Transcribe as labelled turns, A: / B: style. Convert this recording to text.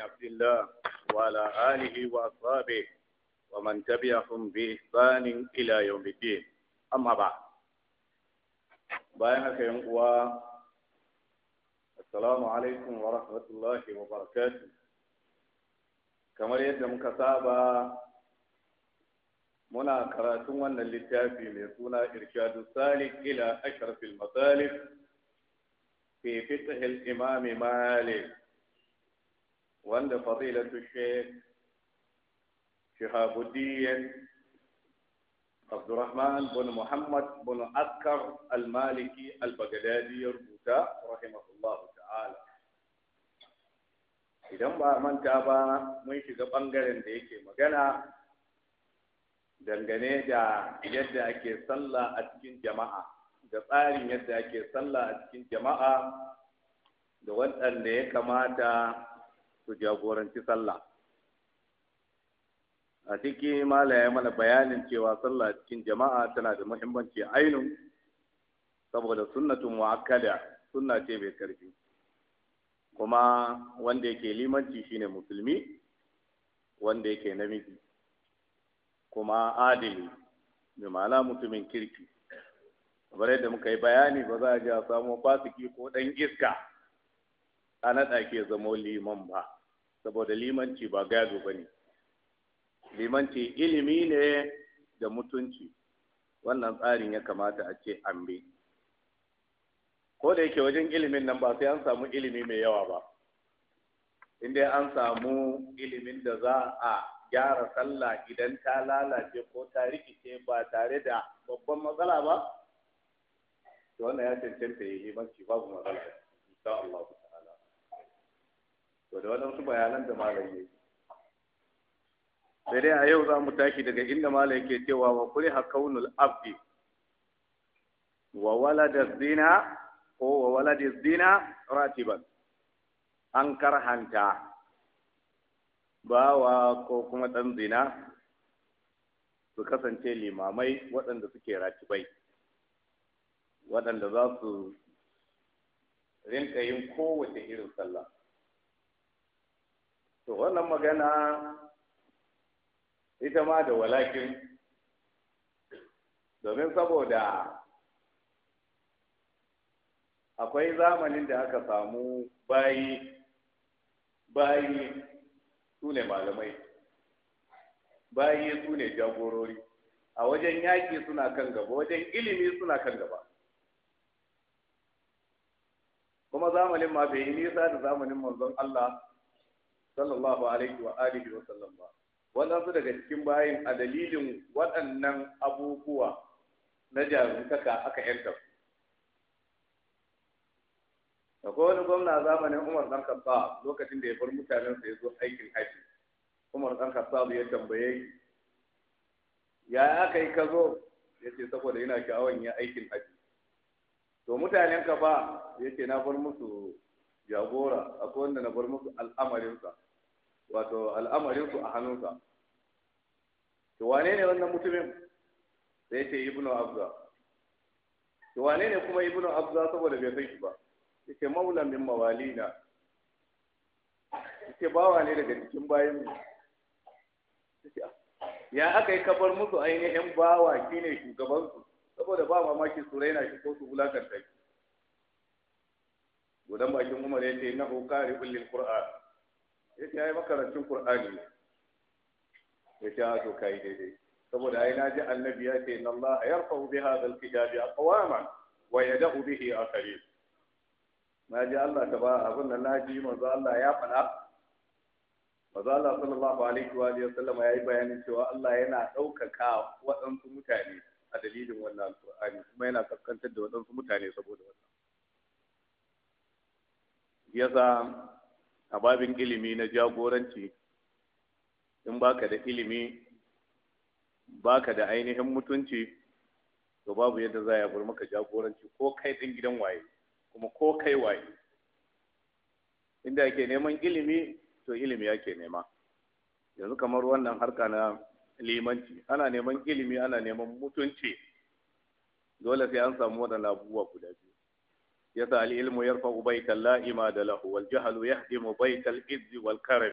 A: عبد الله وعلى آله وأصحابه ومن تبعهم بإحسان إلى يوم الدين أما بعد بينك و السلام عليكم ورحمة الله وبركاته كما يدعم كتابة منا كراتون من اللتافي ليكون إرشاد السالك إلى أشرف المطالب في فقه الإمام مالك wanda fadilatu sheikh shihabuddin abdurrahman bin muhammad bin askar al-maliki al-baghdadi ya rubuta rahimahullahu ta'ala idan ba manta ba mun shiga bangaren da yake magana dangane da yadda ake sallah a cikin jama'a da tsarin yadda ake sallah a cikin jama'a da waɗanda ya kamata su jagoranci sallah a ciki mala ya mana bayanin cewa sallah cikin jama'a tana da muhimmanci ainun saboda sunnatun mu'akkada sunna ce mai karfi kuma wanda yake limanci shine musulmi wanda yake namiji kuma adili mai ma'ana mutumin kirki kamar yadda muka yi bayani ba za a ji a samo fasiki ko ɗan iska a naɗa ke zamo liman ba saboda limanci ba gado ba ne limanci ilimi ne da mutunci wannan tsarin ya kamata a ce an bi ko da yake wajen ilimin nan ba sai an samu ilimi mai yawa ba inda an samu ilimin da za a gyara sallah idan ta lalace ko ta rikice ba tare da babban matsala ba to wannan ya cancanta ya yi limanci babu matsala insha Allah to da waɗansu bayanan da malam yi. sai dai a yau za mu tashi daga inda malam ke cewa wa kuri kaunul abdi wa walada zina ko wa walada zina ratiban an karhanta bawa ko kuma ɗan zina su kasance limamai waɗanda suke ratibai waɗanda za su rinka yin kowace irin sallah to wannan magana ita ma da walakin domin saboda akwai zamanin da aka samu bayi bayi su ne malamai bayi su ne jagorori a wajen yaƙi suna kan gaba wajen ilimi suna kan gaba kuma zamanin ma bai yi nisa da zamanin manzon Allah sallallahu alaihi wa alihi wa sallam ba waɗansu daga cikin bayin a dalilin waɗannan abubuwa na jarumtaka aka yanta akwai wani gwamna zamanin umar dan kasa lokacin da ya bar mutanen sa ya zo aikin haji umar dan kasa ya tambaye ya aka yi ka zo ya ce saboda yana sha'awan ya aikin haji to mutanen ka ba ya ce na bar musu jagora akwai wanda na bar musu al'amarinsa wato al'amarinsu a hannunsa to wane ne wannan mutumin sai ce ibnu abza to wane ne kuma ibnu abza saboda bai san shi ba yace maula min mawalina yace bawa ne daga cikin bayan ah, ya aka yi kabar musu ainihin bawa shine ne shugabansu saboda ba mamaki su raina shi ko su wulakanta shi gudan bakin umar ce na hukari lil qur'an ya ce ya yi makarancin Kur'ani ya ce a to ka yi daidai saboda ai naji annabi ya ce inna Allah yarfa'u bi hadha al-kitabi aqwaman wa yad'u bihi akharin na ji Allah ta ba abin da na ji manzo Allah ya faɗa manzo Allah sallallahu alaihi wa sallam ya yi bayanin cewa Allah yana ɗaukaka waɗansu mutane a dalilin wannan alƙur'ani kuma yana kaskantar da waɗansu mutane saboda wannan yasa a babin ilimi na jagoranci in baka da ilimi baka da ainihin mutunci to babu yadda za a maka jagoranci ko kai ɗin gidan waye kuma ko kai waye inda ake neman ilimi to ilimi ake nema yanzu kamar wannan harka na limanci ana neman ilimi ana neman mutunci dole sai an samu waɗannan abubuwa guda biyu يدع العلم يرفع بيت الله ماد له والجهل يهدم بيت الإذ والكرم